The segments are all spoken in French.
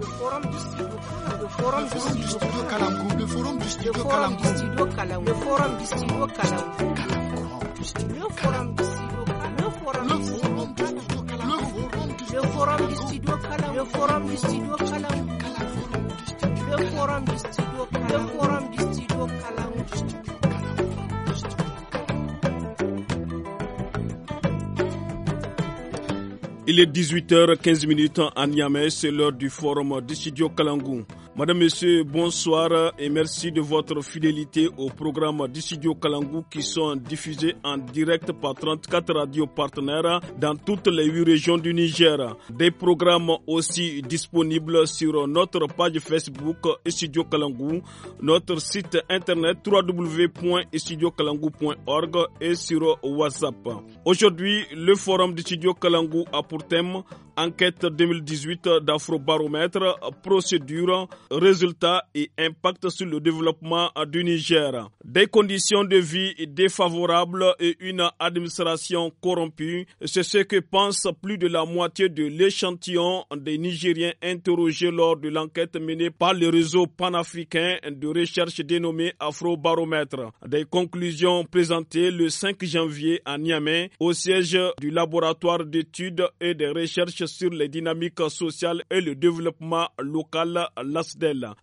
le forum du studio le forum du studio Calam. le forum du studio le forum du studio le forum du studio le forum du le forum du le forum du le forum du le forum du le forum du Il est 18h15 à Niamey, c'est l'heure du forum du studio Madame, Monsieur, bonsoir et merci de votre fidélité au programme d'Istudio Kalangou qui sont diffusés en direct par 34 radios partenaires dans toutes les huit régions du Niger. Des programmes aussi disponibles sur notre page Facebook Estudio Kalangou, notre site internet www.studiokalangou.org et sur WhatsApp. Aujourd'hui, le forum d'Istudio Kalangou a pour thème Enquête 2018 d'Afrobaromètre, procédure résultats et impact sur le développement du Niger. Des conditions de vie défavorables et une administration corrompue, c'est ce que pense plus de la moitié de l'échantillon des Nigériens interrogés lors de l'enquête menée par le réseau panafricain de recherche dénommé Afrobaromètre. Des conclusions présentées le 5 janvier à Niamey au siège du laboratoire d'études et de recherches sur les dynamiques sociales et le développement local,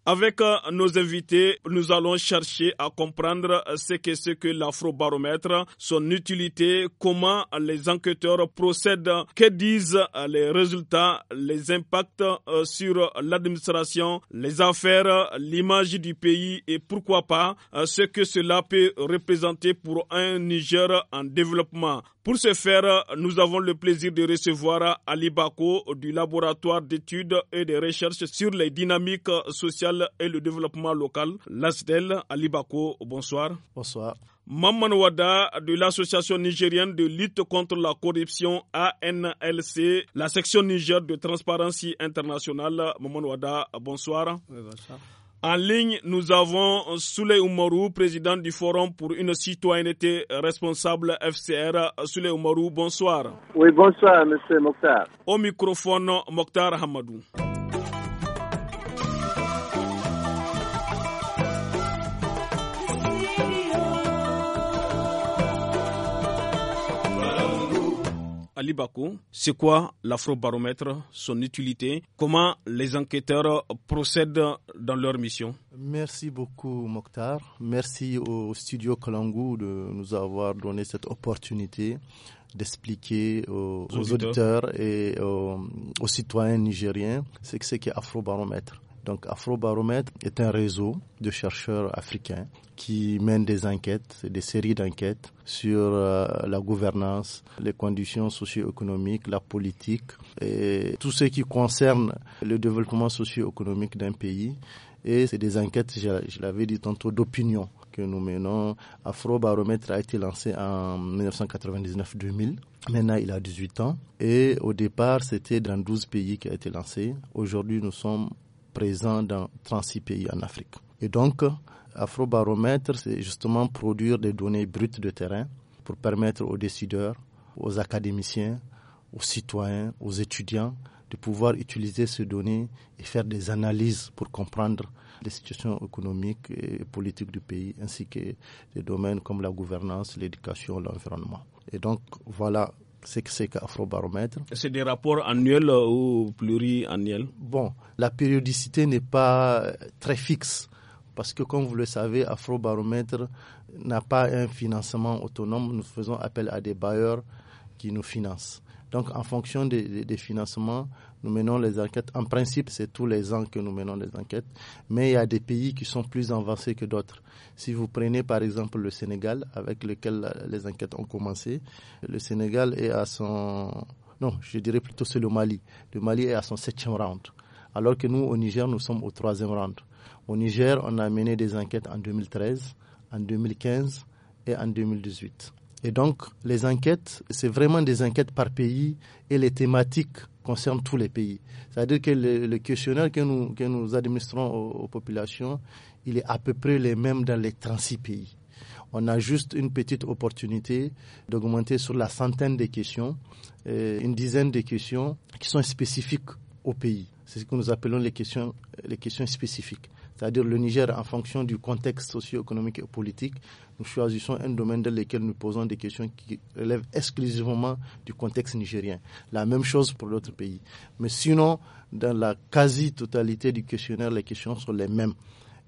avec euh, nos invités, nous allons chercher à comprendre euh, ce que c'est que l'afrobaromètre, son utilité, comment les enquêteurs procèdent, que disent euh, les résultats, les impacts sur l'administration, les affaires, l'image du pays et pourquoi pas ce que cela peut représenter pour un Niger en développement. Pour ce faire, nous avons le plaisir de recevoir Ali Bako du laboratoire d'études et de recherches sur les dynamiques sociales et le développement local, l'ASDEL. Ali Bako, bonsoir. Bonsoir. Maman Wada de l'Association nigérienne de lutte contre la corruption ANLC, la section Niger de transparence Internationale. Maman Wada, bonsoir. bonsoir. En ligne, nous avons Soule Oumarou, président du Forum pour une citoyenneté responsable FCR. Soule Oumarou, bonsoir. Oui, bonsoir, monsieur Mokhtar. Au microphone, Mokhtar Hamadou. Ali c'est quoi l'afrobaromètre, son utilité, comment les enquêteurs procèdent dans leur mission Merci beaucoup Mokhtar, merci au studio Kalangou de nous avoir donné cette opportunité d'expliquer aux, auditeurs. et aux, citoyens nigériens ce que c'est donc Afrobaromètre est un réseau de chercheurs africains qui mènent des enquêtes, des séries d'enquêtes sur euh, la gouvernance, les conditions socio-économiques, la politique et tout ce qui concerne le développement socio-économique d'un pays. Et c'est des enquêtes, je, je l'avais dit tantôt, d'opinion que nous menons. Afrobaromètre a été lancé en 1999-2000. Maintenant, il a 18 ans. Et au départ, c'était dans 12 pays qui a été lancé. Aujourd'hui, nous sommes présent dans 36 pays en Afrique. Et donc, Afrobaromètre, c'est justement produire des données brutes de terrain pour permettre aux décideurs, aux académiciens, aux citoyens, aux étudiants de pouvoir utiliser ces données et faire des analyses pour comprendre les situations économiques et politiques du pays, ainsi que des domaines comme la gouvernance, l'éducation, l'environnement. Et donc, voilà c'est que c'est C'est des rapports annuels euh, ou pluriannuels Bon, la périodicité n'est pas euh, très fixe parce que comme vous le savez, Afrobaromètre n'a pas un financement autonome. Nous faisons appel à des bailleurs qui nous financent. Donc, en fonction des, financements, nous menons les enquêtes. En principe, c'est tous les ans que nous menons les enquêtes. Mais il y a des pays qui sont plus avancés que d'autres. Si vous prenez par exemple le Sénégal, avec lequel les enquêtes ont commencé, le Sénégal est à son... Non, je dirais plutôt c'est le Mali. Le Mali est à son septième round. Alors que nous, au Niger, nous sommes au troisième round. Au Niger, on a mené des enquêtes en 2013, en 2015 et en 2018. Et donc, les enquêtes, c'est vraiment des enquêtes par pays et les thématiques concernent tous les pays. C'est-à-dire que le, questionnaire que nous, que nous administrons aux, populations, il est à peu près le même dans les 36 pays. On a juste une petite opportunité d'augmenter sur la centaine de questions, euh, une dizaine de questions qui sont spécifiques au pays. C'est ce que nous appelons les questions, les questions spécifiques c'est-à-dire le Niger, en fonction du contexte socio-économique et politique, nous choisissons un domaine dans lequel nous posons des questions qui relèvent exclusivement du contexte nigérien. La même chose pour l'autre pays. Mais sinon, dans la quasi-totalité du questionnaire, les questions sont les mêmes.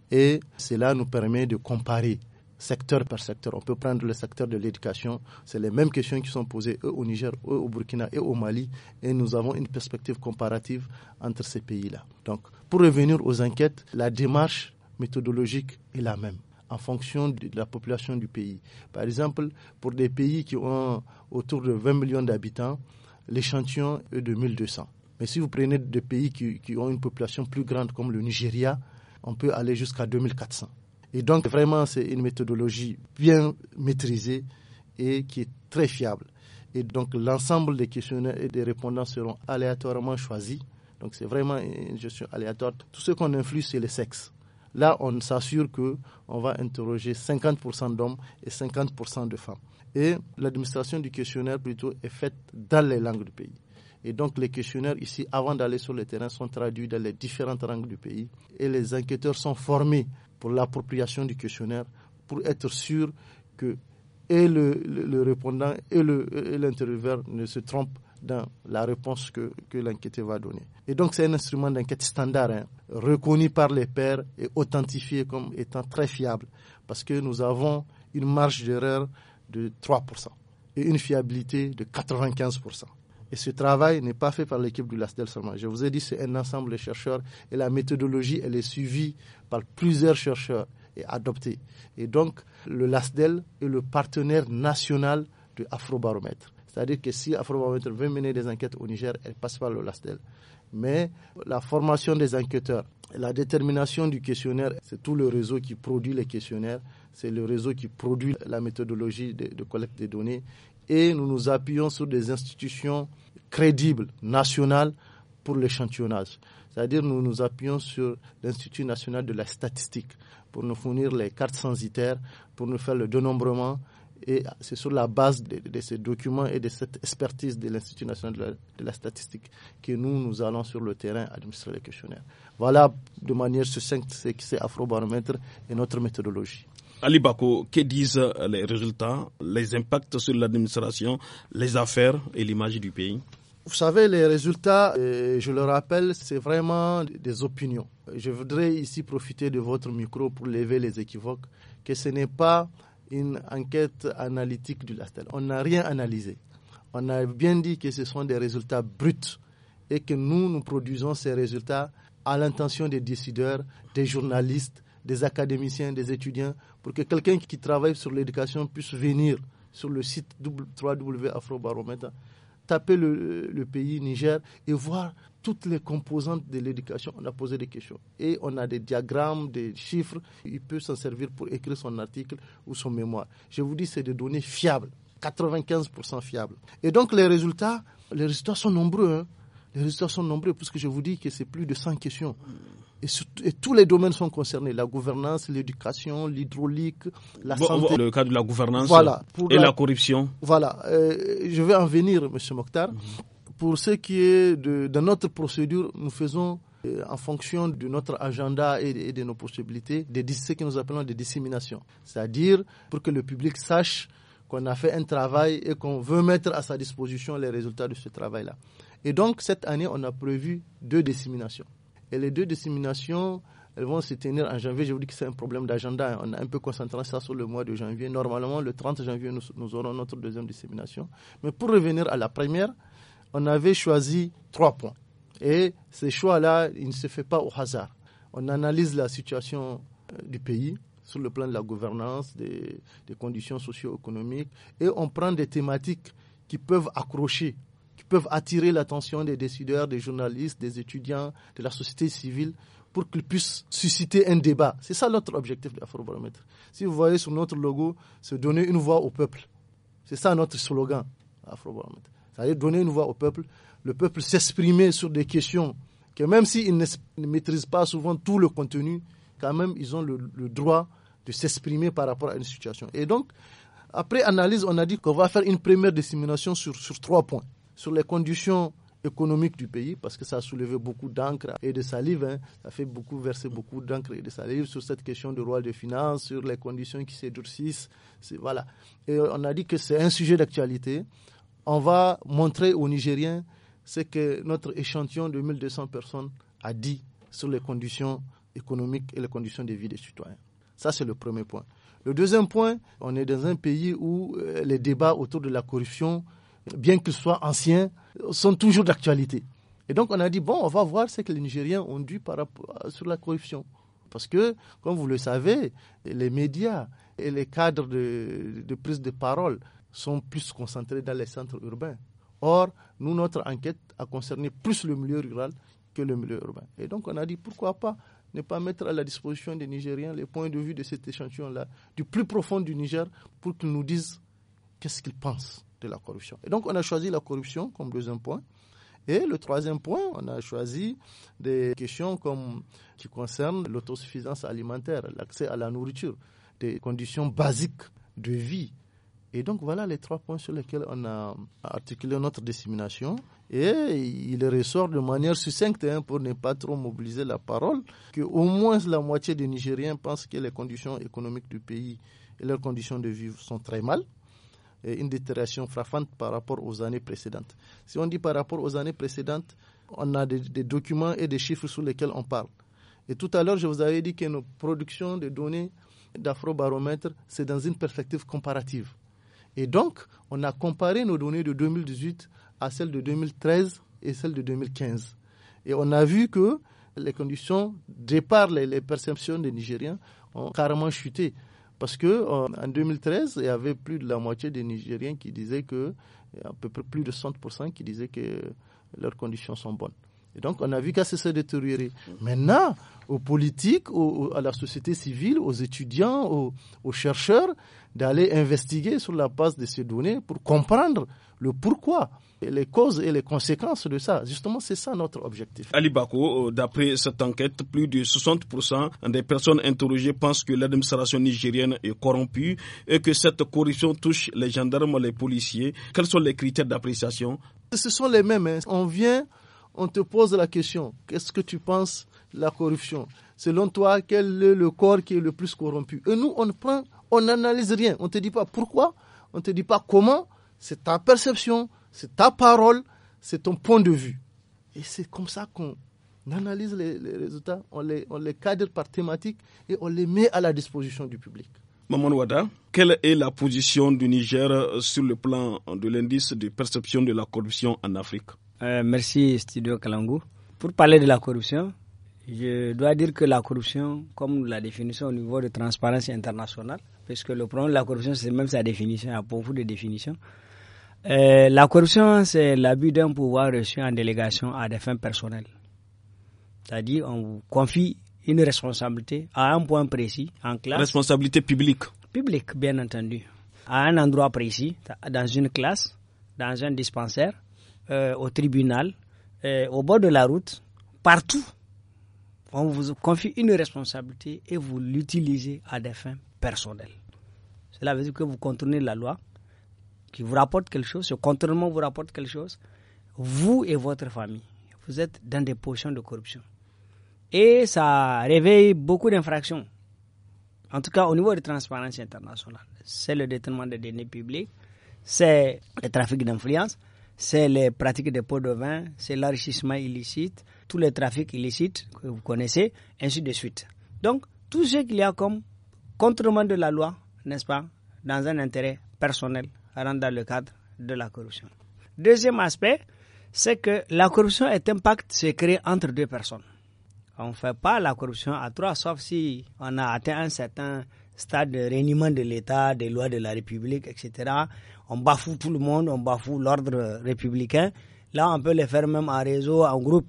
Et cela nous permet de comparer secteur par secteur. On peut prendre le secteur de l'éducation. C'est les mêmes questions qui sont posées, eux, au Niger, eux, au Burkina et au Mali. Et nous avons une perspective comparative entre ces pays-là. Donc, pour revenir aux enquêtes, la démarche méthodologique est la même en fonction de la population du pays. Par exemple, pour des pays qui ont autour de 20 millions d'habitants, l'échantillon est de 1200. Mais si vous prenez des pays qui, qui, ont une population plus grande comme le Nigeria, on peut aller jusqu'à 2400. Et donc, vraiment, c'est une méthodologie bien maîtrisée et qui est très fiable. Et donc, l'ensemble des questionnaires et des répondants seront aléatoirement choisis. Donc, c'est vraiment une gestion aléatoire. Tout ce qu'on influe, c'est le sexe. Là, on s'assure que on va interroger 50% d'hommes et 50% de femmes. Et l'administration du questionnaire plutôt est faite dans les langues du pays. Et donc les questionnaires ici, avant d'aller sur le terrain, sont traduits dans les différentes langues du pays. Et les enquêteurs sont formés pour l'appropriation du questionnaire, pour être sûr que et le, le, répondant et l'intervieweur ne se trompent dans la réponse que, que l'enquêteur va donner. Et donc c'est un instrument d'enquête standard, hein, reconnu par les pairs et authentifié comme étant très fiable, parce que nous avons une marge d'erreur de 3% et une fiabilité de 95%. Et ce travail n'est pas fait par l'équipe du LASDEL seulement. Je vous ai dit, c'est un ensemble de chercheurs et la méthodologie, elle est suivie par plusieurs chercheurs et adoptée. Et donc, le LASDEL est le partenaire national de Afrobaromètre. C'est-à-dire que si Afrobaromètre veut mener des enquêtes au Niger, elle passe par le LASDEL. Mais la formation des enquêteurs, la détermination du questionnaire, c'est tout le réseau qui produit les questionnaires, c'est le réseau qui produit la méthodologie de, de collecte des données, et nous nous appuyons sur des institutions crédibles, nationales, pour l'échantillonnage. C'est-à-dire nous nous appuyons sur l'Institut national de la statistique pour nous fournir les cartes censitaires, pour nous faire le dénombrement. Et c'est sur la base de, ces documents et de cette expertise de l'Institut national de la, statistique que nous, nous allons sur le terrain administrer les questionnaires. Voilà de manière succincte ce que c'est Afrobaromètre et notre méthodologie. Ali Bako, que disent les résultats, les impacts sur l'administration, les affaires et l'image du pays vous savez, les résultats, euh, je le rappelle, c'est vraiment des opinions. Je voudrais ici profiter de votre micro pour lever les équivoques, que ce n'est pas une enquête analytique du LASTEL. On n'a rien analysé. On a bien dit que ce sont des résultats bruts et que nous, nous produisons ces résultats à l'intention des décideurs, des journalistes, des académiciens, des étudiants, pour que quelqu'un qui travaille sur l'éducation puisse venir sur le site www.afrobaromètre, taper le, pays Niger et voir toutes les composantes de l'éducation. On a posé des questions et on a des diagrammes, des chiffres. Il peut s'en servir pour écrire son article ou son mémoire. Je vous dis, c'est des données fiables, 95% fiables. Et donc les résultats, les résultats sont nombreux. Hein. Les résultats sont nombreux puisque je vous dis que c'est plus de 100 questions. Et, tous les domaines sont concernés la gouvernance, l'éducation, l'hydraulique, la santé. Le cas de la gouvernance et la, corruption. Voilà. Euh, je vais en venir, Monsieur Mokhtar. Mhm. Pour ce qui est de, notre procédure, nous faisons euh, en fonction de notre agenda et de, nos possibilités, des, ce que nous appelons des disséminations. C'est-à-dire pour que le public sache qu'on a fait un travail et qu'on veut mettre à sa disposition les résultats de ce travail-là. Et donc, cette année, on a prévu deux disséminations. Et les deux disséminations, elles vont se tenir en janvier. Je vous dis que c'est un problème d'agenda. On a un peu concentré ça sur le mois de janvier. Normalement, le 30 janvier, nous, aurons notre deuxième dissémination. Mais pour revenir à la première, on avait choisi trois points. Et ces choix-là, ils ne se font pas au hasard. On analyse la situation euh, du pays sur le plan de la gouvernance, des conditions socio-économiques, et on prend des thématiques qui peuvent accrocher qui peuvent attirer l'attention des décideurs, des journalistes, des étudiants, de la société civile pour qu'ils puissent susciter un débat. C'est ça notre objectif de l'Afrobaromètre. Si vous voyez sur notre logo, c'est donner une voix au peuple. C'est ça notre slogan, l'afrobaromètre. C'est-à-dire donner une voix au peuple, le peuple s'exprimer sur des questions que même s'ils ne maîtrisent pas souvent tout le contenu, quand même, ils ont le, droit de s'exprimer par rapport à une situation. Et donc, après analyse, on a dit qu'on va faire une première dissémination sur, sur trois points sur les conditions économiques du pays parce que ça a soulevé beaucoup d'encre et de salive. Hein. Ça fait beaucoup verser beaucoup d'encre et de salive sur cette question du roi des finances, sur les conditions qui s'édurcissent. Voilà. Et on a dit que c'est un sujet d'actualité. On va montrer aux Nigériens ce que notre échantillon de 1200 personnes a dit sur les conditions économiques et les conditions de vie des citoyens. Ça, c'est le premier point. Le deuxième point, on est dans un pays où euh, les débats autour de la corruption bien qu'ils soient anciens, sont toujours d'actualité. Et donc on a dit, bon, on va voir ce que les Nigériens ont dû par rapport sur la corruption. Parce que, comme vous le savez, les médias et les cadres de, de prise de parole sont plus concentrés dans les centres urbains. Or, nous, notre enquête a concerné plus le milieu rural que le milieu urbain. Et donc, on a dit pourquoi pas ne pas mettre à la disposition des Nigériens les points de vue de cet échantillon-là, du plus profond du Niger, pour qu'ils nous disent qu'est-ce qu'ils pensent de la corruption. Et donc on a choisi la corruption comme deuxième point. Et le troisième point, on a choisi des questions comme, qui concernent l'autosuffisance alimentaire, l'accès à la nourriture, des conditions basiques de vie. Et donc voilà les trois points sur lesquels on a articulé notre dissémination. Et il ressort de manière succincte, hein, pour ne pas trop mobiliser la parole, qu'au moins la moitié des Nigériens pensent que les conditions économiques du pays et leurs conditions de vie sont très mal une détérioration frappante par rapport aux années précédentes. Si on dit par rapport aux années précédentes, on a des, documents et des chiffres sur lesquels on parle. Et tout à l'heure, je vous avais dit que nos productions de données d'afrobaromètre, c'est dans une perspective comparative. Et donc, on a comparé nos données de 2018 à celles de 2013 et celles de 2015. Et on a vu que les conditions, départ les, les perceptions des Nigériens, ont carrément chuté. Parce que euh, en 2013, il y avait plus de la moitié des Nigériens qui disaient que, à peu près plus de 100 qui disaient que leurs conditions sont bonnes donc, on a vu qu'à s'est détérioré. Maintenant, aux politiques, à la société civile, aux étudiants, aux, chercheurs, d'aller investiguer sur la base de ces données pour comprendre le pourquoi, et les causes et les conséquences de ça. Justement, c'est ça notre objectif. Ali euh, d'après cette enquête, plus de 60% des personnes interrogées pensent que l'administration nigérienne est corrompue et que cette corruption touche les gendarmes, les policiers. Quels sont les critères d'appréciation Ce sont les mêmes. Hein. On vient on te pose la question, qu'est-ce que tu penses de la corruption Selon toi, quel est le corps qui est le plus corrompu Et nous, on prend, on n'analyse rien. On ne te dit pas pourquoi, on ne te dit pas comment. C'est ta perception, c'est ta parole, c'est ton point de vue. Et c'est comme ça qu'on analyse les, résultats, on les, cadre par thématique et on les met à la disposition du public. Maman Ouada, quelle est la position du Niger sur le plan de l'indice de perception de la corruption en Afrique euh, merci Studio Kalangu. Pour parler de la corruption, je dois dire que la corruption, comme la définition au niveau de transparence internationale, parce que le problème de la corruption, c'est même sa définition, il y a beaucoup de définitions. Euh, la corruption, c'est l'abus d'un pouvoir reçu en délégation à des fins personnelles. C'est-à-dire, on vous confie une responsabilité à un point précis, en classe. Responsabilité publique. Publique, bien entendu. À un endroit précis, dans une classe, dans un dispensaire, euh, au tribunal, euh, au bord de la route, partout. On vous confie une responsabilité et vous l'utilisez à des fins personnelles. Cela veut dire que vous contournez la loi qui vous rapporte quelque chose, ce contournement vous rapporte quelque chose, vous et votre famille, vous êtes dans des potions de corruption. Et ça réveille beaucoup d'infractions. En tout cas, au niveau de transparence internationale, c'est le détournement des données publiques, c'est le trafic d'influence, c'est les pratiques de pots de vin, c'est l'enrichissement illicite, tous les trafics illicites que vous connaissez, ainsi de suite. Donc, tout ce qu'il y a comme contrement de la loi, n'est-ce pas, dans un intérêt personnel, rentre dans le cadre de la corruption. Deuxième aspect, c'est que la corruption est un pacte secret entre deux personnes. On ne fait pas la corruption à trois, sauf si on a atteint un certain stade de réunion de l'État, des lois de la République, etc on bafoue tout le monde, on bafoue l'ordre républicain. Là, on peut les faire même en réseau, en groupe.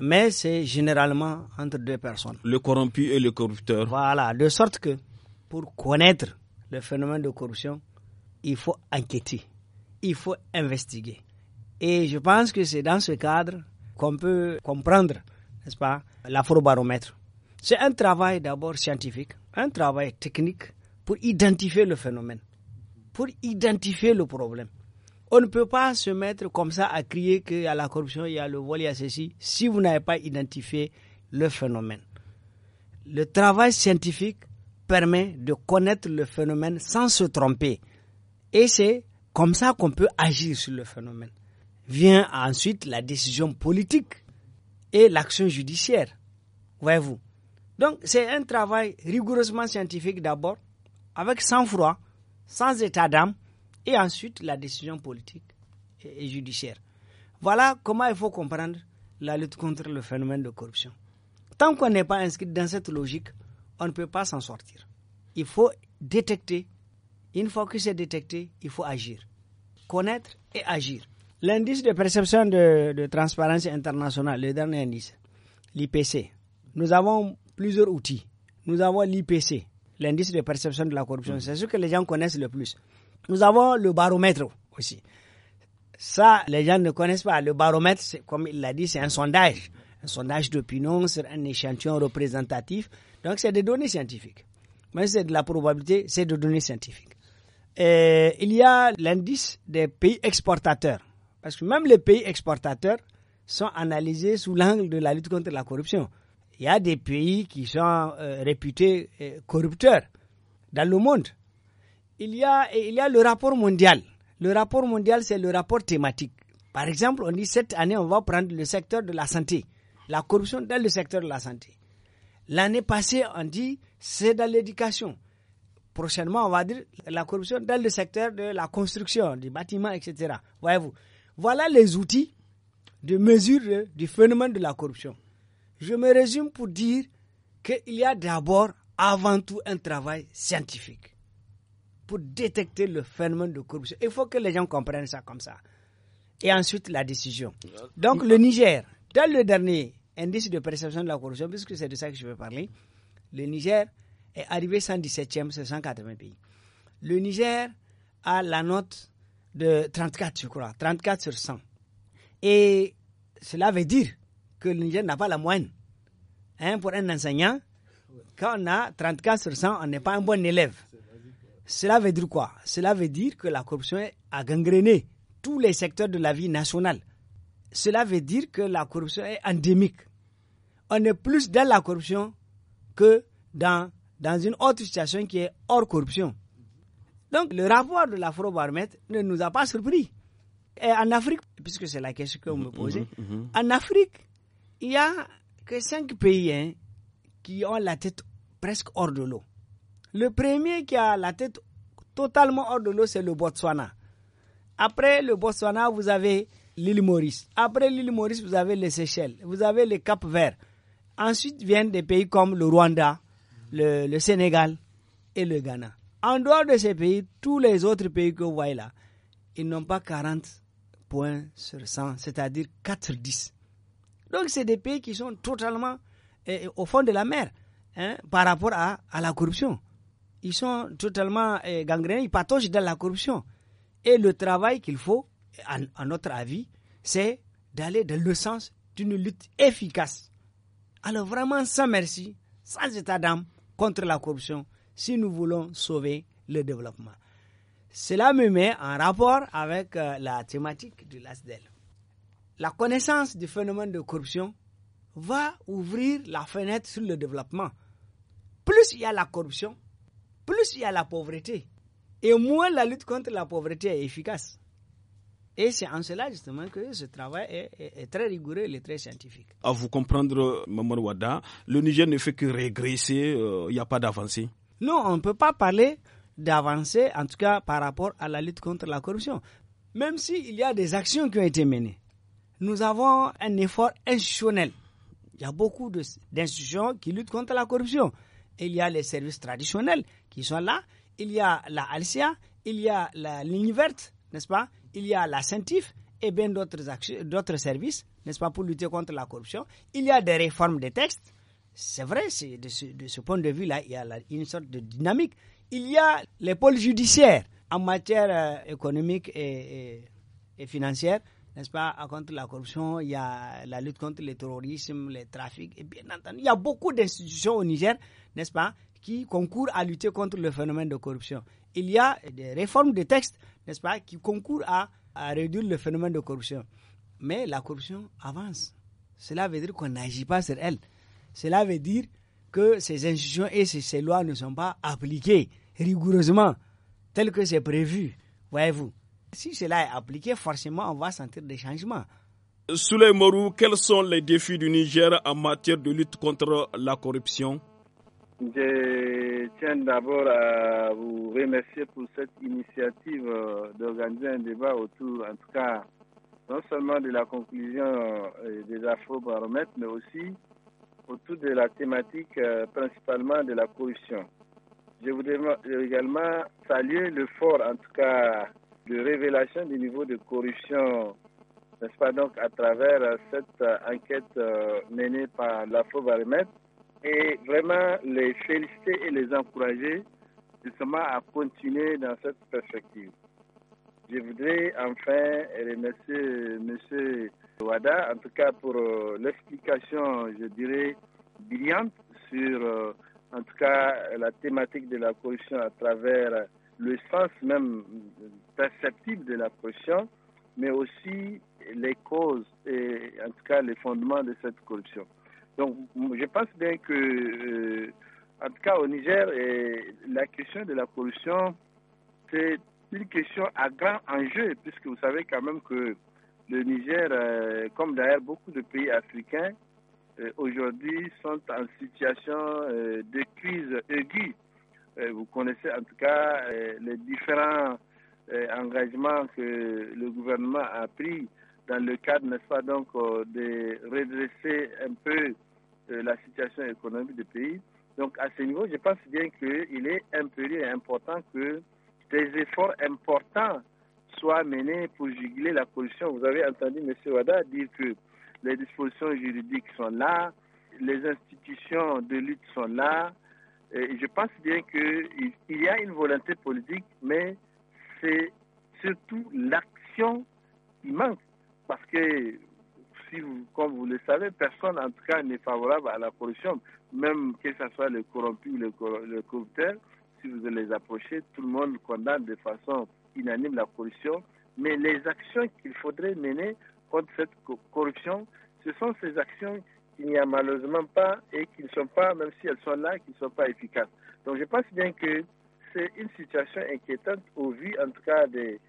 Mais c'est généralement entre deux personnes. Le corrompu et le corrupteur. Voilà, de sorte que pour connaître le phénomène de corruption, il faut enquêter, il faut investiguer. Et je pense que c'est dans ce cadre qu'on peut comprendre, n'est-ce pas, l'afrobaromètre. C'est un travail d'abord scientifique, un travail technique pour identifier le phénomène pour identifier le problème. On ne peut pas se mettre comme ça à crier qu'il y a la corruption, il y a le vol, il y a ceci, si vous n'avez pas identifié le phénomène. Le travail scientifique permet de connaître le phénomène sans se tromper. Et c'est comme ça qu'on peut agir sur le phénomène. Vient ensuite la décision politique et l'action judiciaire. Voyez-vous. Donc c'est un travail rigoureusement scientifique d'abord, avec sang-froid, sans état d'âme, et ensuite la décision politique et, judiciaire. Voilà comment il faut comprendre la lutte contre le phénomène de corruption. Tant qu'on n'est pas inscrit dans cette logique, on ne peut pas s'en sortir. Il faut détecter. Une fois que c'est détecté, il faut agir. Connaître et agir. L'indice de perception de, transparence internationale, le dernier indice, l'IPC. Nous avons plusieurs outils. Nous avons l'IPC, l'indice de perception de la corruption. Mhm. C'est ce que les gens connaissent le plus. Nous avons le baromètre aussi. Ça, les gens ne connaissent pas. Le baromètre, comme il l'a dit, c'est un sondage. Un sondage d'opinion sur un échantillon représentatif. Donc, c'est des données scientifiques. Mais c'est de la probabilité, c'est des données scientifiques. Et il y a l'indice des pays exportateurs. Parce que même les pays exportateurs sont analysés sous l'angle de la lutte contre la corruption il y a des pays qui sont euh, réputés euh, corrupteurs dans le monde. Il y, a, il y a le rapport mondial. Le rapport mondial, c'est le rapport thématique. Par exemple, on dit cette année, on va prendre le secteur de la santé, la corruption dans le secteur de la santé. L'année passée, on dit c'est dans l'éducation. Prochainement, on va dire la corruption dans le secteur de la construction, du bâtiment, etc. Voyez-vous. Voilà les outils de mesure du phénomène de la corruption je me résume pour dire qu'il y a d'abord, avant tout, un travail scientifique pour détecter le phénomène de corruption. Il faut que les gens comprennent ça comme ça. Et ensuite, la décision. Donc, le Niger, dans le dernier indice de perception de la corruption, puisque c'est de ça que je veux parler, le Niger est arrivé 117e sur 180 pays. Le Niger a la note de 34, je crois, 34 sur 100. Et cela veut dire que le n'a pas la moyenne. Hein, pour un enseignant, quand on a 34 sur 100, on n'est pas un bon élève. Cela veut dire quoi Cela veut dire que la corruption a gangréné tous les secteurs de la vie nationale. Cela veut dire que la corruption est endémique. On est plus dans la corruption que dans, dans une autre situation qui est hors corruption. Donc le rapport de barmètre ne nous a pas surpris. Et en Afrique, puisque c'est la question que vous me mm-hmm, posez, mm-hmm, mm-hmm. en Afrique, il y a que cinq pays hein, qui ont la tête presque hors de l'eau. Le premier qui a la tête totalement hors de l'eau, c'est le Botswana. Après le Botswana, vous avez l'île Maurice. Après l'île Maurice, vous avez les Seychelles, vous avez le Cap Vert. Ensuite viennent des pays comme le Rwanda, le, Sénégal et le Ghana. En dehors de ces pays, tous les autres pays que vous voyez là, ils n'ont pas 40 points sur 100, c'est-à-dire 4-10. Donc, c'est des pays qui sont totalement euh, euh, au fond de la mer hein, par rapport à, la corruption. Ils sont totalement euh, gangrénés, ils patogent dans la corruption. Et le travail qu'il faut, à, notre avis, c'est d'aller dans le sens d'une lutte efficace. Alors vraiment sans merci, sans état d'âme contre la corruption, si nous voulons sauver le développement. Cela me met en rapport avec la thématique de LASDEL la connaissance du phénomène de corruption va ouvrir la fenêtre sur le développement. Plus il y a la corruption, plus il y a la pauvreté, et moins la lutte contre la pauvreté est efficace. Et c'est en cela justement que ce travail est, très rigoureux et très scientifique. À vous comprendre, Maman Wada, le Niger ne fait que régresser, euh, il n'y a pas d'avancée. Non, on ne peut pas parler d'avancée, en tout cas par rapport à la lutte contre la corruption. Même s'il y a des actions qui ont été menées nous avons un effort institutionnel. Il y a beaucoup d'institutions qui luttent contre la corruption. Il y a les services traditionnels qui sont là, il y a la Alcia, il y a la ligne verte, n'est-ce pas Il y a la et bien d'autres services, n'est-ce pas, pour lutter contre la corruption. Il y a des réformes des textes. C'est vrai, de ce, point de vue-là, il y a une sorte de dynamique. Il y a les pôles judiciaires en matière euh, économique et financière n'est-ce pas, contre la corruption, il y a la lutte contre le terrorisme, le trafic. et bien entendu, il y a beaucoup d'institutions au Niger, n'est-ce pas, qui concourent à lutter contre le phénomène de corruption. Il y a des réformes de textes, n'est-ce pas, qui concourent à, à réduire le phénomène de corruption. Mais la corruption avance. Cela veut dire qu'on n'agit pas sur elle. Cela veut dire que ces institutions et ces, ces lois ne sont pas appliquées rigoureusement, telles que c'est prévu, voyez-vous si cela est appliqué, forcément, on va sentir des changements. Souley Morou, quels sont les défis du Niger en matière de lutte contre la corruption Je tiens d'abord à vous remercier pour cette initiative euh, d'organiser un débat autour, en tout cas, non seulement de la conclusion euh, des afro-baromètres, mais aussi autour de la thématique euh, principalement de la corruption. Je voudrais également saluer le fort, en tout cas, de révélation du niveau de corruption, n'est-ce pas, donc à travers euh, cette euh, enquête euh, menée par la baromètre et vraiment les féliciter et les encourager justement à continuer dans cette perspective. Je voudrais enfin remercier M. Wada, en tout cas pour l'explication, je dirais, brillante sur, en tout cas, la thématique de la corruption à travers le sens même perceptible de la corruption, mais aussi les causes et en tout cas les fondements de cette corruption. Donc je pense bien que, euh, en tout cas au Niger, la question de la corruption, c'est une question à grand enjeu, puisque vous savez quand même que le Niger, euh, comme d'ailleurs beaucoup de pays africains, euh, aujourd'hui sont en situation de crise aiguë euh, vous connaissez en tout cas euh, les différents euh, engagements que le gouvernement a pris dans le cadre, n'est-ce pas, donc, de redresser un peu la situation économique du pays. Donc, à ce niveau, je pense bien qu'il est impératif et important que des efforts importants soient menés pour juguler la pollution. Vous avez entendu M. Wada dire que les dispositions juridiques sont là, les institutions de lutte sont là, euh, je pense bien qu'il y a une volonté politique, mais c'est surtout l'action qui manque. Parce que, si comme vous le savez, personne en tout cas n'est favorable à la corruption, même que ce soit le corrompu ou le, le corrupteur. Si vous les approchez, tout le monde condamne de façon inanime la corruption. Mais les actions qu'il faudrait mener contre cette corruption, ce sont ces actions qu'il n'y a malheureusement pas et qui ne sont pas, même si elles sont là, qui ne sont pas efficaces. Donc je pense bien que c'est une situation inquiétante au vu en tout cas des,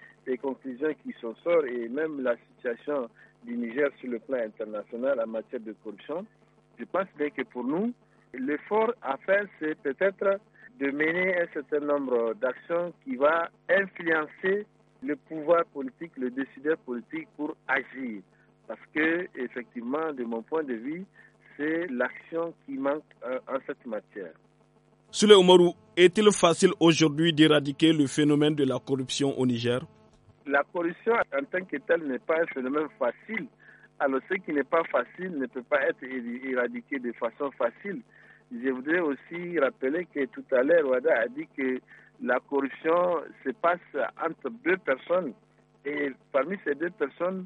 conclusions qui sont sortent et même la situation du Niger sur le plan international en matière de corruption. Je pense bien que pour nous, l'effort à faire, c'est peut-être de mener un certain nombre d'actions qui va influencer le pouvoir politique, le décideur politique pour agir. Parce que, effectivement, de mon point de vue, c'est l'action qui manque euh, en, cette matière. Sule Oumarou, est-il facile aujourd'hui d'éradiquer le phénomène de la corruption au Niger La corruption en tant que telle n'est pas un phénomène facile. Alors ce qui n'est pas facile ne peut pas être éradiqué de façon facile. Je voudrais aussi rappeler que tout à l'heure, Wada a dit que la corruption se passe entre deux personnes. Et parmi ces deux personnes,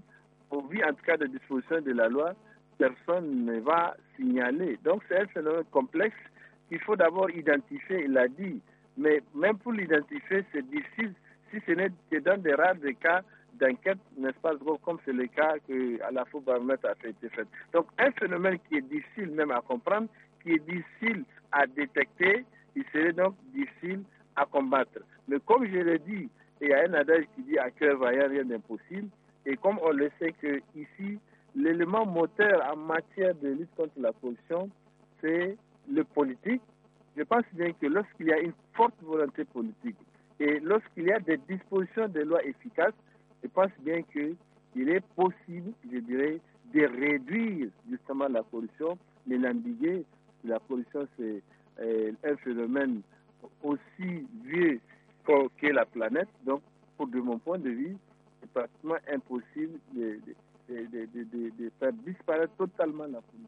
au vu en tout cas de disposition de la loi, personne ne va signaler. Donc c'est un phénomène complexe qu'il faut d'abord identifier, il l'a dit. Mais même pour l'identifier, c'est difficile si ce n'est que dans des rares cas d'enquête, n'est-ce pas, comme c'est le cas que à la fois baromètre a été fait. Donc un phénomène qui est difficile même à comprendre, qui est difficile à détecter, il serait donc difficile à combattre. Mais comme je l'ai dit, et il y a un adage qui dit à cœur vaillant, rien d'impossible. Et comme on le sait que ici, l'élément moteur en matière de lutte contre la pollution, c'est le politique. Je pense bien que lorsqu'il y a une forte volonté politique et lorsqu'il y a des dispositions de loi efficaces, je pense bien qu'il est possible, je dirais, de réduire justement la pollution. mais l'ambiguer. La pollution, c'est euh, un phénomène aussi vieux que la planète. Donc, pour, de mon point de vue, c'est pratiquement impossible de, faire disparaître totalement la police.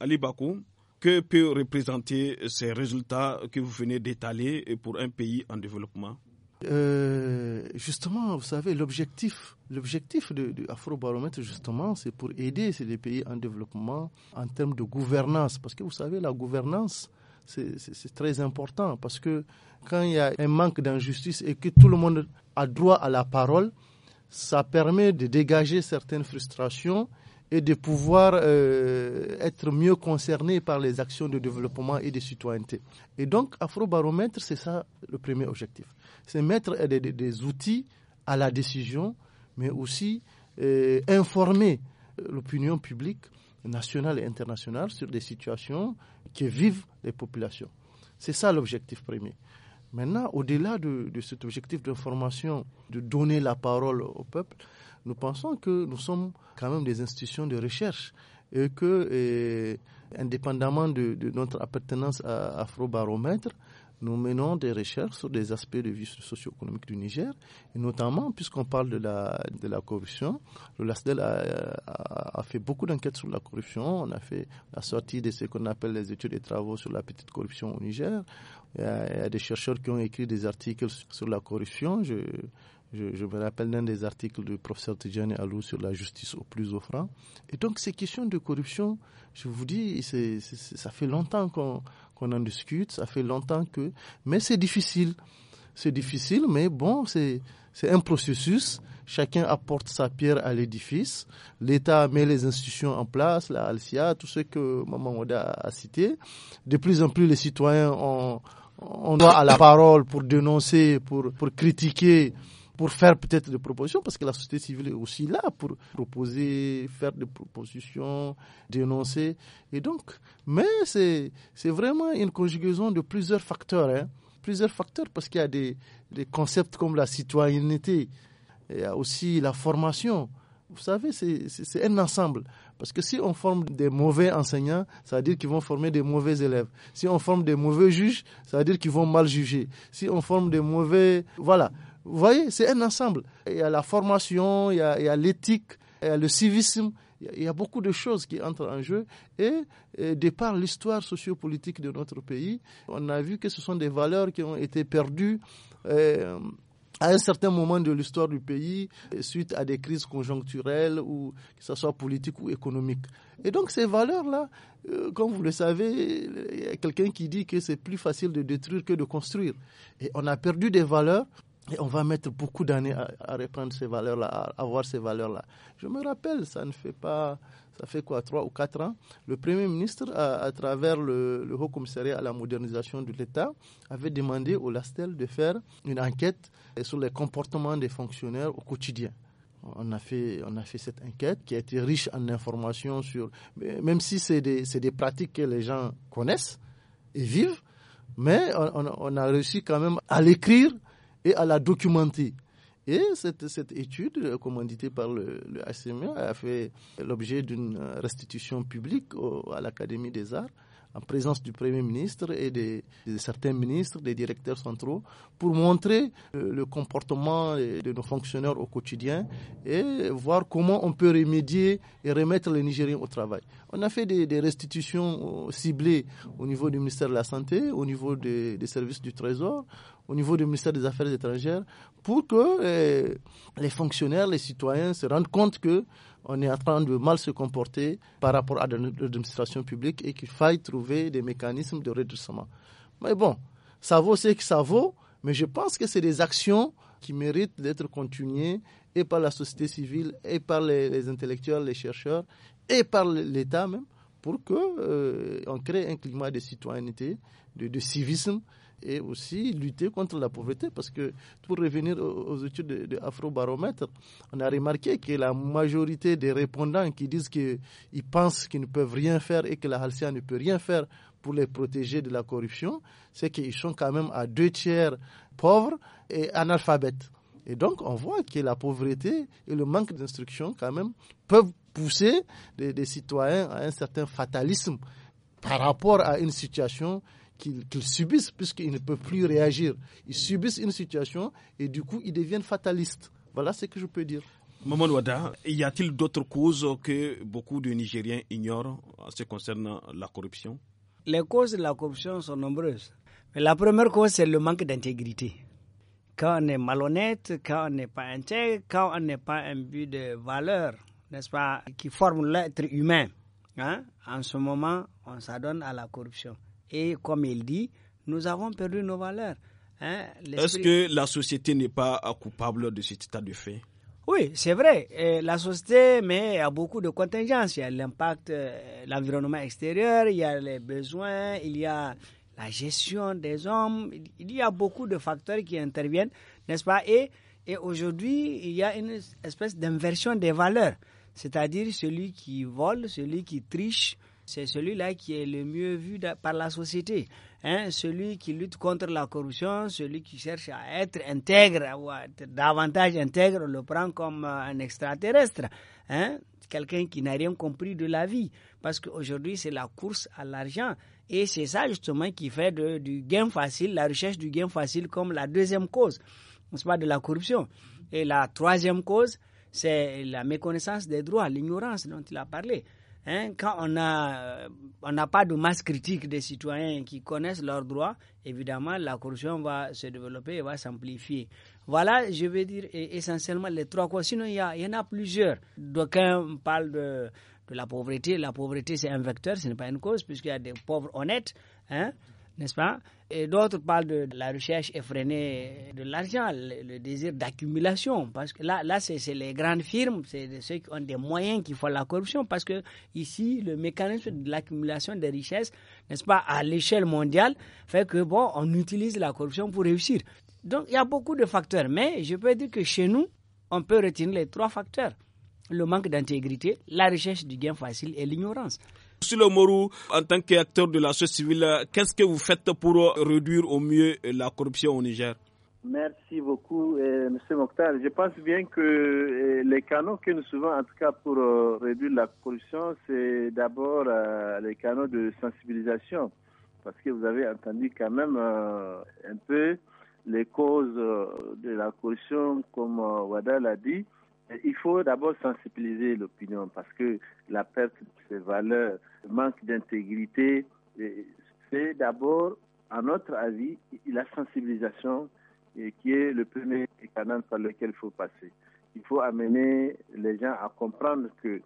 Ali Bakou, que peut représenter ces résultats que vous venez d'étaler pour un pays en développement euh, justement, vous savez, l'objectif, l'objectif de, Afrobaromètre, justement, c'est pour aider les pays en développement en termes de gouvernance. Parce que vous savez, la gouvernance, c'est très important. Parce que quand il y a un manque d'injustice et que tout le monde a droit à la parole, ça permet de dégager certaines frustrations et de pouvoir euh, être mieux concerné par les actions de développement et de citoyenneté. Et donc, Afrobaromètre, c'est ça le premier objectif c'est mettre euh, des, outils à la décision, mais aussi euh, informer euh, l'opinion publique nationale et internationale sur des situations que vivent les populations. C'est ça l'objectif premier. Maintenant, au-delà de, cet objectif d'information, de donner la parole au peuple, nous pensons que nous sommes quand même des institutions de recherche et que, indépendamment de, notre appartenance à Afrobaromètre, nous menons des recherches sur des aspects de vie socio-économique du Niger, et notamment puisqu'on parle de la, de la corruption. Le LASDEL a, fait beaucoup d'enquêtes sur la corruption. On a fait la sortie de ce qu'on appelle les études et travaux sur la petite corruption au Niger. Il y a, des chercheurs qui ont écrit des articles sur, la corruption. Je, je, me rappelle l'un des articles du professeur Tijani Alou sur la justice au plus offrant. Et donc, ces questions de corruption, je vous dis, ça fait longtemps qu'on qu'on en discute. Ça fait longtemps que, mais c'est difficile. C'est difficile, mais bon, c'est c'est un processus. Chacun apporte sa pierre à l'édifice. L'État met les institutions en place, la Alcia, tout ce que Maman Oda a cité. De plus en plus, les citoyens ont, on droit à la parole pour dénoncer, pour, pour critiquer pour faire peut-être des propositions, parce que la société civile est aussi là pour proposer, faire des propositions, dénoncer. Et donc, mais c'est vraiment une conjugaison de plusieurs facteurs. Hein. Plusieurs facteurs, parce qu'il y a des, des, concepts comme la citoyenneté, il y a aussi la formation. Vous savez, c'est un ensemble. Parce que si on forme des mauvais enseignants, ça veut dire qu'ils vont former des mauvais élèves. Si on forme des mauvais juges, ça veut dire qu'ils vont mal juger. Si on forme des mauvais... Voilà. Vous voyez, c'est un ensemble. Il y a la formation, il y a l'éthique, il, y a le civisme, il y a beaucoup de choses qui entrent en jeu et, de par l'histoire sociopolitique de notre pays, on a vu que ce sont des valeurs qui ont été perdues euh, à un certain moment de l'histoire du pays suite à des crises conjoncturelles ou que ce soit politique ou économique. Et donc ces valeurs-là, euh, comme vous le savez, il y a quelqu'un qui dit que c'est plus facile de détruire que de construire. Et on a perdu des valeurs et on va mettre beaucoup d'années à, reprendre ces valeurs-là, à avoir ces valeurs-là. Je me rappelle, ça ne fait pas, ça fait quoi, trois ou quatre ans, le Premier ministre, à, travers le, Haut Commissariat à la modernisation de l'État, avait demandé au LASTEL de faire une enquête sur les comportements des fonctionnaires au quotidien. On a, fait, on a fait cette enquête qui a été riche en informations sur, même si c'est des, des pratiques que les gens connaissent et vivent, mais on, a réussi quand même à l'écrire et à la documenter. Et cette, étude, commanditée par le, le a fait l'objet d'une restitution publique à l'Académie des arts en présence du Premier ministre et de, certains ministres, des directeurs centraux, pour montrer euh, le comportement euh, de nos fonctionnaires au quotidien et voir comment on peut remédier et remettre les Nigériens au travail. On a fait des, restitutions euh, ciblées au niveau du ministère de la Santé, au niveau des, services du Trésor, au niveau du ministère des Affaires étrangères, pour que les fonctionnaires, les citoyens se rendent compte que on est en train de mal se comporter par rapport à l'administration publique et qu'il faille trouver des mécanismes de redressement. Mais bon, ça vaut ce que ça vaut, mais je pense que c'est des actions qui méritent d'être continuées et par la société civile, et par les, intellectuels, les chercheurs, et par l'État même, pour qu'on euh, crée un climat de citoyenneté, de civisme et aussi lutter contre la pauvreté parce que pour revenir aux études de, Afrobaromètre, on a remarqué que la majorité des répondants qui disent qu'ils pensent qu'ils ne peuvent rien faire et que la Halcia ne peut rien faire pour les protéger de la corruption, c'est qu'ils sont quand même à deux tiers pauvres et analphabètes. Et donc, on voit que la pauvreté et le manque d'instruction, quand même, peuvent pousser des, citoyens à un certain fatalisme par rapport à une situation qu'ils subissent puisqu'ils ne peuvent plus réagir. Ils subissent une situation et du coup, ils deviennent fatalistes. Voilà ce que je peux dire. Maman Wada, y a-t-il d'autres causes que beaucoup de Nigériens ignorent en ce qui concerne la corruption Les causes de la corruption sont nombreuses. la première cause, c'est le manque d'intégrité. Quand on est malhonnête, quand on n'est pas intègre, quand on n'est pas but de valeurs, n'est-ce pas, qui forme l'être humain, hein, en ce moment, on s'adonne à la corruption. Et comme il dit, nous avons perdu nos valeurs. Hein. Est-ce que la société n'est pas coupable de cet état de fait oui, c'est vrai. Euh, la société, mais il y a beaucoup de contingences. Il y a l'impact, euh, l'environnement extérieur, il y a les besoins, il y a la gestion des hommes. Il y a beaucoup de facteurs qui interviennent, n'est-ce pas Et, et aujourd'hui, il y a une espèce d'inversion des valeurs. C'est-à-dire celui qui vole, celui qui triche, c'est celui-là qui est le mieux vu par la société. Hein, celui qui lutte contre la corruption, celui qui cherche à être intègre ou à être davantage intègre, le prend comme euh, un extraterrestre. Hein, quelqu'un qui n'a rien compris de la vie. Parce qu'aujourd'hui, c'est la course à l'argent. Et c'est ça justement qui fait du gain facile, la recherche du gain facile comme la deuxième cause, nest pas, de la corruption. Et la troisième cause, c'est la méconnaissance des droits, l'ignorance dont il a parlé. Hein, quand euh, on n'a pas de masse critique des citoyens qui connaissent leurs droits, évidemment, la corruption va se développer et va s'amplifier. Voilà, je veux dire essentiellement les trois causes. Sinon, il y, en a plusieurs. D'aucuns parlent de, de, la pauvreté. La pauvreté, c'est un vecteur, ce n'est pas une cause, puisqu'il y a des pauvres honnêtes, hein, n'est-ce pas et d'autres parlent de la recherche effrénée de l'argent, le, désir d'accumulation. Parce que là, là c'est les grandes firmes, c'est ceux qui ont des moyens qui font la corruption. Parce que ici, le mécanisme de l'accumulation des richesses, n'est-ce pas, à l'échelle mondiale, fait que, bon, on utilise la corruption pour réussir. Donc, il y a beaucoup de facteurs. Mais je peux dire que chez nous, on peut retenir les trois facteurs le manque d'intégrité, la recherche du gain facile et l'ignorance. Monsieur le en tant qu'acteur de la société civile, qu'est-ce que vous faites pour réduire au mieux la corruption au Niger Merci beaucoup, euh, Monsieur Mokhtar. Je pense bien que euh, les canaux que nous suivons, en tout cas pour euh, réduire la corruption, c'est d'abord les canaux de sensibilisation, parce que vous avez entendu quand même un peu les causes de la corruption, comme Wada l'a dit. Il faut d'abord sensibiliser l'opinion parce que la perte de ses valeurs, le manque d'intégrité, c'est d'abord, à notre avis, la sensibilisation qui est le premier canal par lequel il faut passer. Il faut amener les gens à comprendre que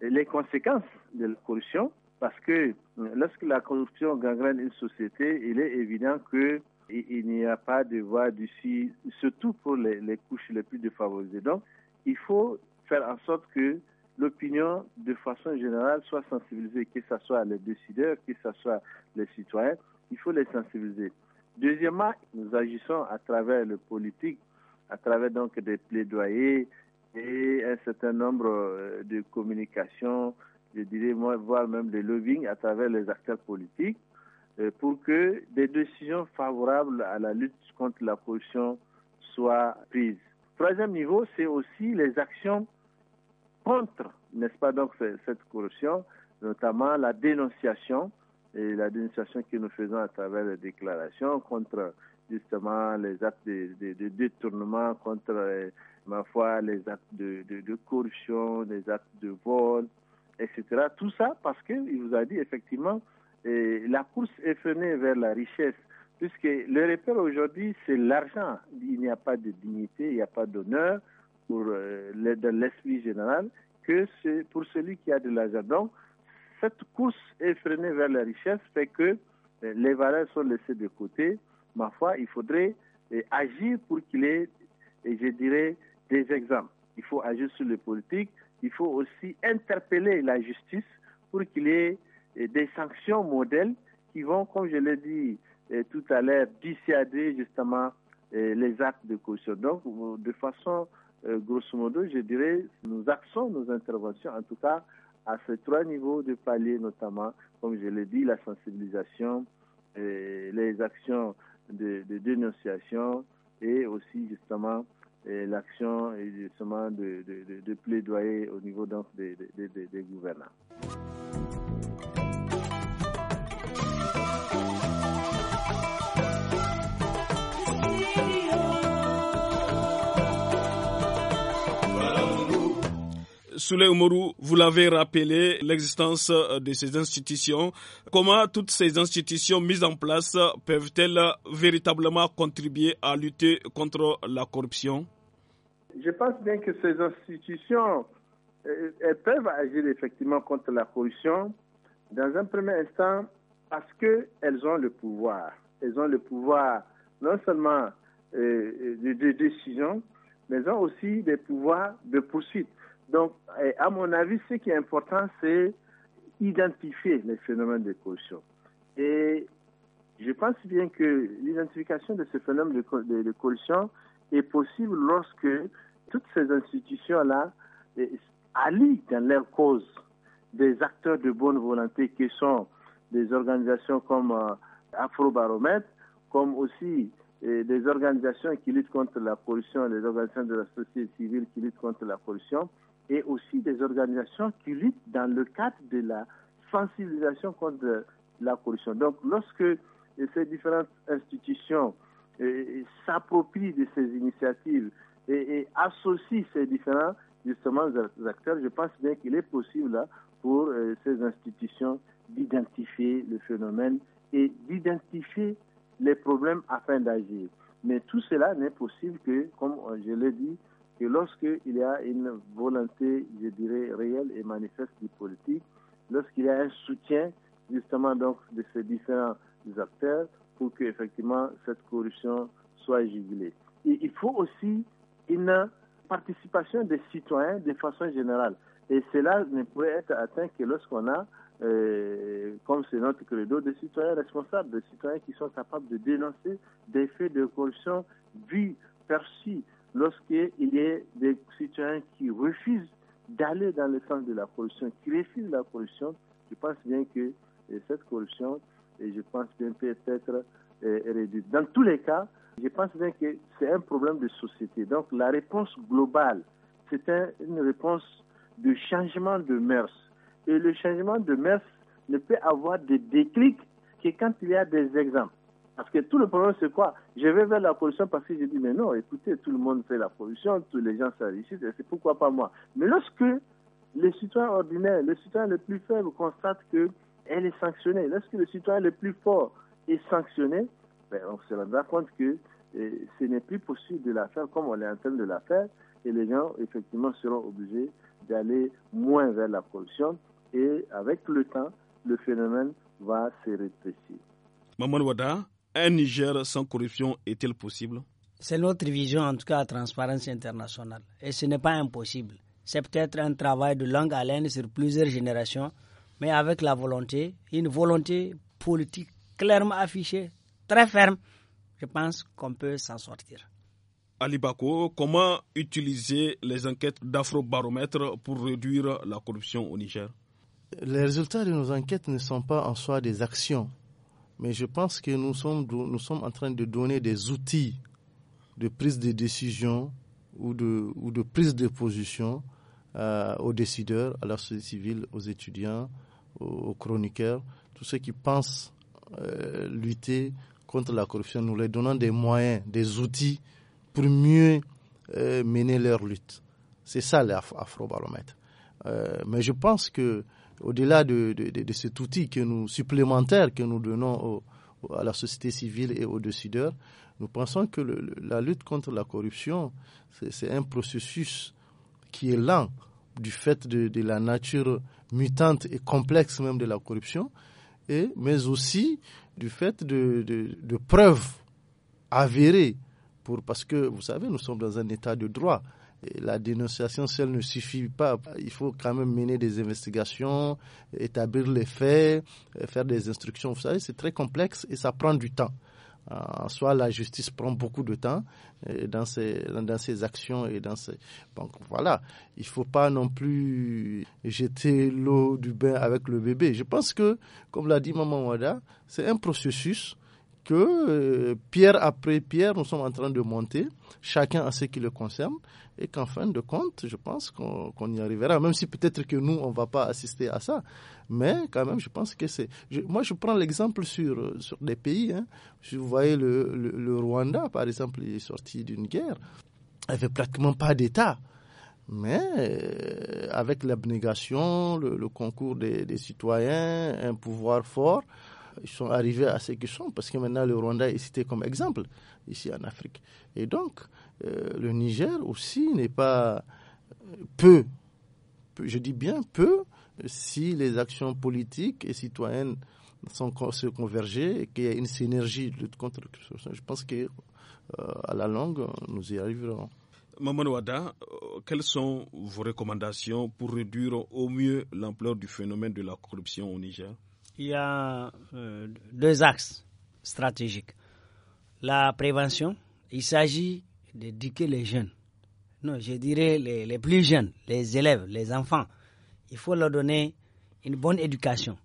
les conséquences de la corruption, parce que euh, lorsque la corruption gangrène une société, il est évident que il n'y a pas de voie d'ici, surtout pour les, les couches les plus défavorisées. Donc, il faut faire en sorte que l'opinion, de façon générale, soit sensibilisée, que ce soit les décideurs, que ce soit les citoyens, il faut les sensibiliser. Deuxièmement, nous agissons à travers le politique, à travers donc des plaidoyers et un certain nombre euh, de communications, je dirais voire même des lobbying à travers les acteurs politiques euh, pour que des décisions favorables à la lutte contre la pollution soient prises. Troisième niveau, c'est aussi les actions contre, n'est-ce pas, donc cette corruption, notamment la dénonciation, et la dénonciation que nous faisons à travers les déclarations contre justement les actes de, détournement, contre, euh, ma foi, les actes de, corruption, les actes de vol, etc. Tout ça parce qu'il vous a dit effectivement, et la course est effrénée vers la richesse puisque le repère aujourd'hui, c'est l'argent. Il n'y a pas de dignité, il n'y a pas d'honneur pour euh, dans l'esprit général que pour celui qui a de l'argent. Donc, cette course effrénée vers la richesse fait que euh, les valeurs sont laissées de côté. Ma foi, il faudrait euh, agir pour qu'il ait, et je dirais, des exemples. Il faut agir sur les politiques. Il faut aussi interpeller la justice pour qu'il y ait des sanctions modèles qui vont, comme je l'ai dit, et tout à l'heure dissuader justement les actes de caution. Donc, de façon euh, grosso modo, je dirais, nous axons nos interventions, en tout cas, à ces trois niveaux de palier, notamment, comme je l'ai dit, la sensibilisation, les actions de, dénonciation et aussi justement l'action justement de, plaidoyer au niveau donc des gouvernants. Souley Oumarou, vous l'avez rappelé, l'existence euh, de ces institutions. Comment toutes ces institutions mises en place peuvent-elles véritablement contribuer à lutter contre la corruption Je pense bien que ces institutions, euh, elles peuvent agir effectivement contre la corruption. Dans un premier instant, parce qu'elles ont le pouvoir. Elles ont le pouvoir non seulement euh, de, de, décision, mais elles ont aussi des pouvoirs de poursuite. Donc, à mon avis, ce qui est important, c'est identifier les phénomènes de corruption. Et je pense bien que l'identification de ces phénomènes de, de, est possible lorsque toutes ces institutions-là allient dans leur cause des acteurs de bonne volonté qui sont des organisations comme euh, Afrobaromètre, comme aussi des organisations qui luttent contre la corruption, les organisations de la société civile qui luttent contre la corruption, et aussi des organisations qui luttent dans le cadre de la sensibilisation contre la corruption. Donc lorsque ces différentes institutions euh, s'approprient de ces initiatives et, associent ces différents justement acteurs, je pense bien qu'il est possible là hein, pour euh, ces institutions d'identifier le phénomène et d'identifier les problèmes afin d'agir. Mais tout cela n'est possible que, comme euh, je l'ai dit, que lorsqu'il y a une volonté, je dirais, réelle et manifeste du politique, lorsqu'il y a un soutien justement donc de ces différents acteurs pour que effectivement cette corruption soit jugulée. Et il faut aussi une participation des citoyens de façon générale. Et cela ne pourrait être atteint que lorsqu'on a euh, comme c'est notre credo, des citoyens responsables, des citoyens qui sont capables de dénoncer des faits de corruption vus, perçus, lorsqu'il y a des citoyens qui refusent d'aller dans le sens de la corruption, qui refusent la corruption, je pense bien que euh, cette corruption, je pense bien peut être euh, réduite. Dans tous les cas, je pense bien que c'est un problème de société. Donc la réponse globale, c'est une réponse de changement de mœurs et le changement de mœurs ne peut avoir des déclic que quand il y a des exemples. Parce que tout le problème, c'est quoi Je vais vers la pollution parce que j'ai dit, mais non, écoutez, tout le monde fait la pollution, tous les gens et c'est pourquoi pas moi. Mais lorsque le citoyen ordinaire, le citoyen le plus faible constate qu'elle est sanctionnée, lorsque le citoyen le plus fort est sanctionné, ben, on se rendra compte que euh, ce n'est plus possible de la faire comme on est en train de la faire, et les gens, effectivement, seront obligés d'aller moins vers la pollution et avec le temps, le phénomène va se rétrécir. Maman Wada, un Niger sans corruption est-il possible C'est notre vision, en tout cas, à Transparence internationale. Et ce n'est pas impossible. C'est peut-être un travail de longue haleine sur plusieurs générations, mais avec la volonté, une volonté politique clairement affichée, très ferme, je pense qu'on peut s'en sortir. Ali Bako, comment utiliser les enquêtes d'Afrobaromètre pour réduire la corruption au Niger les résultats de nos enquêtes ne sont pas en soi des actions, mais je pense que nous sommes, en train de donner des outils de prise de décision ou de, prise de position euh, aux décideurs, à la société civile, aux étudiants, aux, chroniqueurs, tous ceux qui pensent euh, lutter contre la corruption, nous leur donnons des moyens, des outils pour mieux euh, mener leur lutte. C'est ça l'afrobaromètre. mais je pense que au-delà de, cet outil que nous, supplémentaire que nous donnons à la société civile et aux décideurs, nous pensons que la lutte contre la corruption, c'est un processus qui est lent du fait de, la nature mutante et complexe même de la corruption, et, mais aussi du fait de, preuves avérées. parce que, vous savez, nous sommes dans un état de droit la dénonciation seule ne suffit pas. Il faut quand même mener des investigations, établir les faits, euh, faire des instructions. Vous savez, c'est très complexe et ça prend du temps. Euh, en soi, la justice prend beaucoup de temps euh, dans ses, actions et dans ses... Donc voilà, il ne faut pas non plus jeter l'eau du bain avec le bébé. Je pense que, comme l'a dit Maman Wada, c'est un processus que pierre après pierre, nous sommes en train de monter, chacun à ce qui le concerne et qu'en fin de compte, je pense qu'on y arrivera, même si peut-être que nous, on ne va pas assister à ça. Mais quand même, je pense que c'est... moi, je prends l'exemple sur, sur des pays. Hein. Si vous voyez le, le, Rwanda, par exemple, il est sorti d'une guerre, il avait pratiquement pas d'État. Mais euh, avec l'abnégation, le, concours des, des, citoyens, un pouvoir fort, ils sont arrivés à ce qu'ils sont, parce que maintenant le Rwanda est cité comme exemple ici en Afrique. Et donc, euh, le Niger aussi n'est pas euh, peu, je dis bien peu, si les actions politiques et citoyennes sont se converger et qu'il y a une synergie de lutte contre la corruption. Je pense que euh, à la longue, nous y arriverons. Maman Ouada, quelles sont vos recommandations pour réduire au mieux l'ampleur du phénomène de la corruption au Niger Il y a deux axes stratégiques. La prévention, il s'agit d'éduquer les jeunes. Non, je dirais les, plus jeunes, les élèves, les enfants. Il faut leur donner une bonne éducation.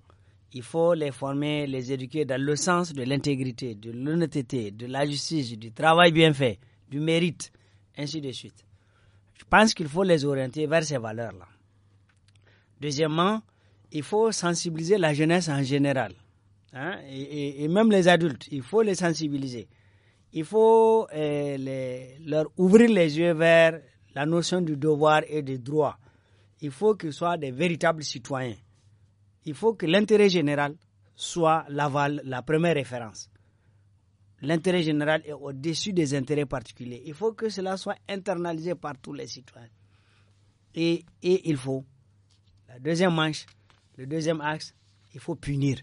Il faut les former, les éduquer dans le sens de l'intégrité, de l'honnêteté, de la justice, du travail bien fait, du mérite, ainsi de suite. Je pense qu'il faut les orienter vers ces valeurs-là. Deuxièmement, il faut sensibiliser la jeunesse en général, hein, et même les adultes. Il faut les sensibiliser il faut euh, leur ouvrir les yeux vers la notion du devoir et des droits. Il faut qu'ils soient des véritables citoyens. Il faut que l'intérêt général soit l'aval, la première référence. L'intérêt général est au-dessus des intérêts particuliers. Il faut que cela soit internalisé par tous les citoyens. et il faut, la deuxième manche, le deuxième axe, il faut punir.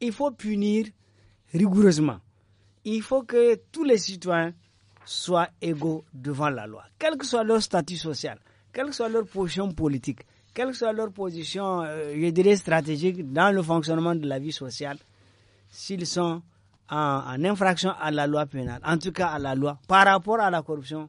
Il faut punir rigoureusement il faut que tous les citoyens soient égaux devant la loi, quel que soit leur statut social, quelle que soit leur position politique, quelle que soit leur position, euh, je dirais, stratégique dans le fonctionnement de la vie sociale, s'ils sont en, infraction à la loi pénale, en tout cas à la loi, par rapport à la corruption,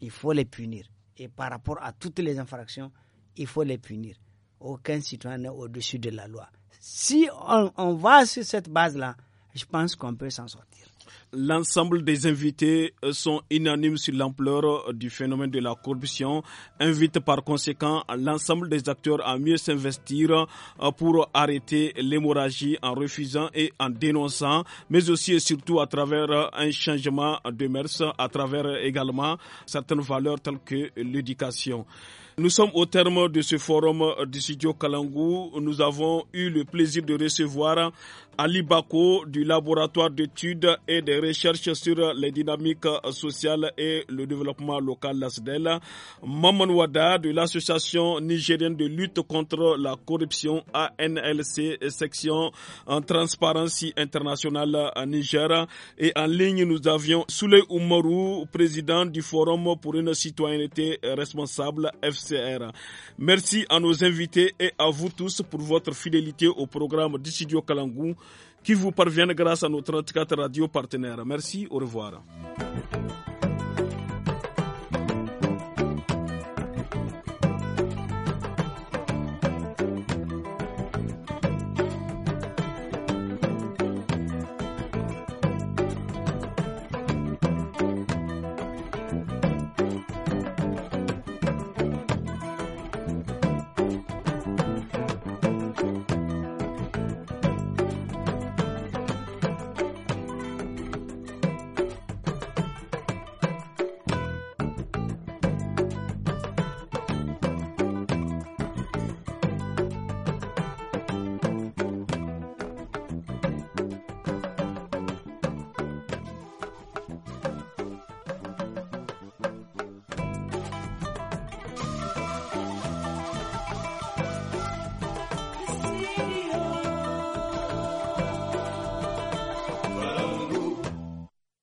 il faut les punir. Et par rapport à toutes les infractions, il faut les punir. Aucun citoyen n'est au-dessus de la loi. Si on va sur cette base-là, je pense qu'on peut s'en sortir. L'ensemble des invités euh, sont unanimes sur l'ampleur euh, du phénomène de la corruption, invite par conséquent l'ensemble des acteurs à mieux s'investir euh, pour arrêter l'hémorragie en refusant et en dénonçant, mais aussi et surtout à travers un changement de mœurs, à travers également certaines valeurs telles que l'éducation. Nous sommes au terme de ce forum du studio Kalangou. Nous avons eu le plaisir de recevoir Ali Bako du laboratoire d'études et de recherches sur les dynamiques sociales et le développement local LASDEL, Maman Wada de l'association nigérienne de lutte contre la corruption ANLC section en transparence internationale à Niger et en ligne nous avions Souley Oumarou président du forum pour une citoyenneté responsable FC Merci à nos invités et à vous tous pour votre fidélité au programme du studio Kalangou qui vous parvient grâce à nos 34 radios partenaires. Merci, au revoir.